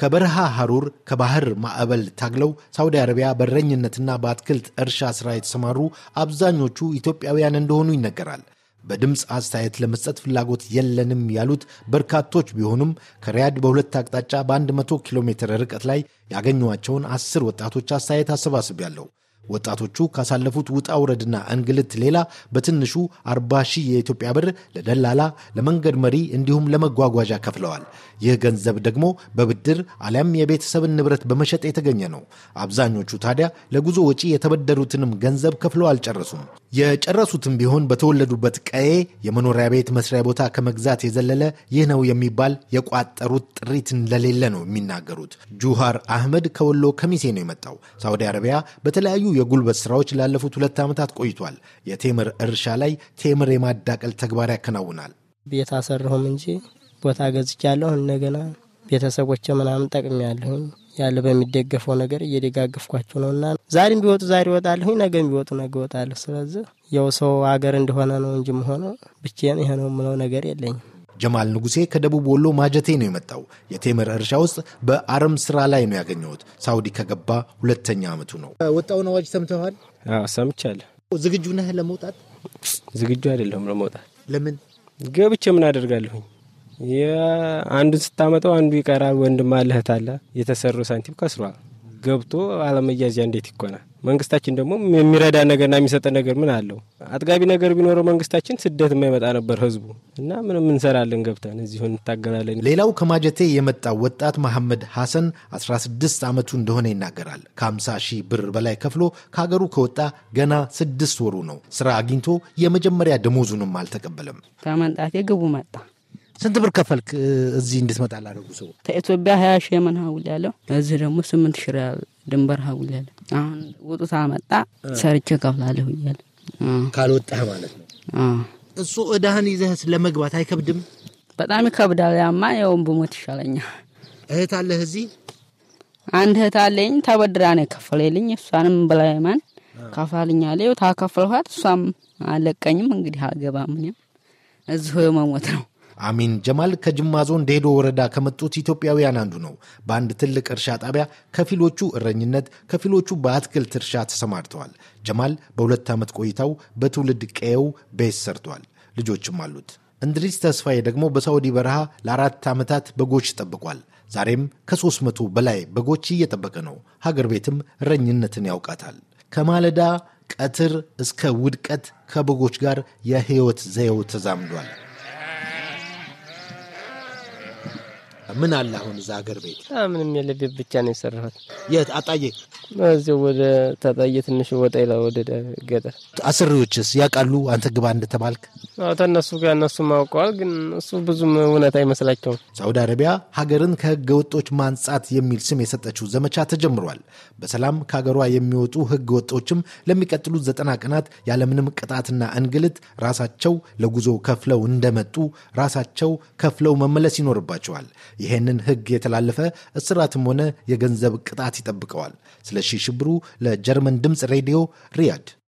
ከበረሃ ሐሩር ከባህር ማዕበል ታግለው ሳውዲ አረቢያ በረኝነትና በአትክልት እርሻ ሥራ የተሰማሩ አብዛኞቹ ኢትዮጵያውያን እንደሆኑ ይነገራል። በድምፅ አስተያየት ለመስጠት ፍላጎት የለንም ያሉት በርካቶች ቢሆኑም ከሪያድ በሁለት አቅጣጫ በ100 ኪሎ ሜትር ርቀት ላይ ያገኟቸውን አስር ወጣቶች አስተያየት አሰባስቤያለሁ። ወጣቶቹ ካሳለፉት ውጣ ውረድና እንግልት ሌላ በትንሹ 40 ሺህ የኢትዮጵያ ብር ለደላላ፣ ለመንገድ መሪ እንዲሁም ለመጓጓዣ ከፍለዋል። ይህ ገንዘብ ደግሞ በብድር አሊያም የቤተሰብን ንብረት በመሸጥ የተገኘ ነው። አብዛኞቹ ታዲያ ለጉዞ ወጪ የተበደሩትንም ገንዘብ ከፍለው አልጨረሱም። የጨረሱትም ቢሆን በተወለዱበት ቀዬ የመኖሪያ ቤት መስሪያ ቦታ ከመግዛት የዘለለ ይህ ነው የሚባል የቋጠሩት ጥሪት እንደሌለ ነው የሚናገሩት። ጁሃር አህመድ ከወሎ ከሚሴ ነው የመጣው። ሳውዲ አረቢያ በተለያዩ የጉልበት ስራዎች ላለፉት ሁለት ዓመታት ቆይቷል። የቴምር እርሻ ላይ ቴምር የማዳቀል ተግባር ያከናውናል። ቤት አሰራሁም እንጂ ቦታ ገዝቻለሁ። እንደገና ቤተሰቦች ምናምን ጠቅሜያለሁኝ ያለ በሚደገፈው ነገር እየደጋገፍኳቸው ነውና ዛሬም ቢወጡ ዛሬ ይወጣለሁ፣ ነገም ቢወጡ ነገ ይወጣለሁ። ስለዚህ ያው ሰው አገር እንደሆነ ነው እንጂ የምሆነው ብቻዬን ይሄ ነው የምለው ነገር የለኝም። ጀማል ንጉሴ ከደቡብ ወሎ ማጀቴ ነው የመጣው። የቴምር እርሻ ውስጥ በአረም ስራ ላይ ነው ያገኘሁት። ሳውዲ ከገባ ሁለተኛ ዓመቱ ነው። ወጣውን አዋጅ ሰምተዋል? ሰምቻለሁ። ዝግጁ ነህ ለመውጣት? ዝግጁ አይደለሁም ለመውጣት። ለምን? ገብቼ ምን አደርጋለሁኝ? አንዱን ስታመጠው አንዱ ይቀራል። ወንድም አለ እህት የተሰሩ ሳንቲም ከስሯል። ገብቶ አለመያዝያ እንዴት ይኮናል? መንግስታችን ደግሞ የሚረዳ ነገርና የሚሰጠ ነገር ምን አለው? አጥጋቢ ነገር ቢኖረው መንግስታችን ስደት የማይመጣ ነበር ህዝቡ እና ምንም እንሰራለን ገብተን እዚሁ እንታገላለን። ሌላው ከማጀቴ የመጣው ወጣት መሐመድ ሐሰን 16 ዓመቱ እንደሆነ ይናገራል። ከ50 ሺህ ብር በላይ ከፍሎ ከሀገሩ ከወጣ ገና ስድስት ወሩ ነው። ስራ አግኝቶ የመጀመሪያ ደሞዙንም አልተቀበለም። ከመንጣቴ ግቡ መጣ ስንት ብር ከፈልክ እዚህ እንድትመጣ ላደረጉ ሰው? ከኢትዮጵያ ሀያ ሺ የመን ሀውል ያለው እዚህ ደግሞ ስምንት ሺ ሪያል ድንበር ሀውል ያለ አሁን ውጡታ መጣ ሰርቼ ከፍላለሁ እያለ ካልወጣህ ማለት ነው። እሱ እዳህን ይዘህስ ለመግባት አይከብድም? በጣም ይከብዳል። ያማ የውን ብሞት ይሻለኛል። እህት አለህ እዚህ? አንድ እህት አለኝ። ተበድራ ነው የከፈለልኝ። እሷንም ብላይማን ከፋልኛለ ታከፍልኋት። እሷም አለቀኝም። እንግዲህ አገባ ምንም እዚሁ የመሞት ነው አሚን ጀማል ከጅማ ዞን ደሄዶ ወረዳ ከመጡት ኢትዮጵያውያን አንዱ ነው። በአንድ ትልቅ እርሻ ጣቢያ ከፊሎቹ እረኝነት፣ ከፊሎቹ በአትክልት እርሻ ተሰማርተዋል። ጀማል በሁለት ዓመት ቆይታው በትውልድ ቀየው ቤት ሰርቷል። ልጆችም አሉት። እንድሪስ ተስፋዬ ደግሞ በሳውዲ በረሃ ለአራት ዓመታት በጎች ጠብቋል። ዛሬም ከሦስት መቶ በላይ በጎች እየጠበቀ ነው። ሀገር ቤትም እረኝነትን ያውቃታል። ከማለዳ ቀትር እስከ ውድቀት ከበጎች ጋር የሕይወት ዘየው ተዛምዷል። ምን አለ አሁን እዛ ሀገር ቤት? ምንም የለቤ ብቻ ነው የሰራሁት። የት አጣዬ? እዚያው ወደ ታጣዬ ትንሽ ወጣ ይላ ወደ ገጠር። አስሪዎችስ ያውቃሉ አንተ ግባ እንደተባልክ? ተነሱ ጋር እነሱም አውቀዋል፣ ግን እሱ ብዙም እውነት አይመስላቸውም። ሳውዲ አረቢያ ሀገርን ከህገ ወጦች ማንጻት የሚል ስም የሰጠችው ዘመቻ ተጀምሯል። በሰላም ከሀገሯ የሚወጡ ህገ ወጦችም ለሚቀጥሉት ዘጠና ቀናት ያለምንም ቅጣትና እንግልት ራሳቸው ለጉዞ ከፍለው እንደመጡ ራሳቸው ከፍለው መመለስ ይኖርባቸዋል። ይሄንን ህግ የተላለፈ እስራትም ሆነ የገንዘብ ቅጣት ይጠብቀዋል። ስለሺ ሽብሩ ለጀርመን ድምፅ ሬዲዮ ሪያድ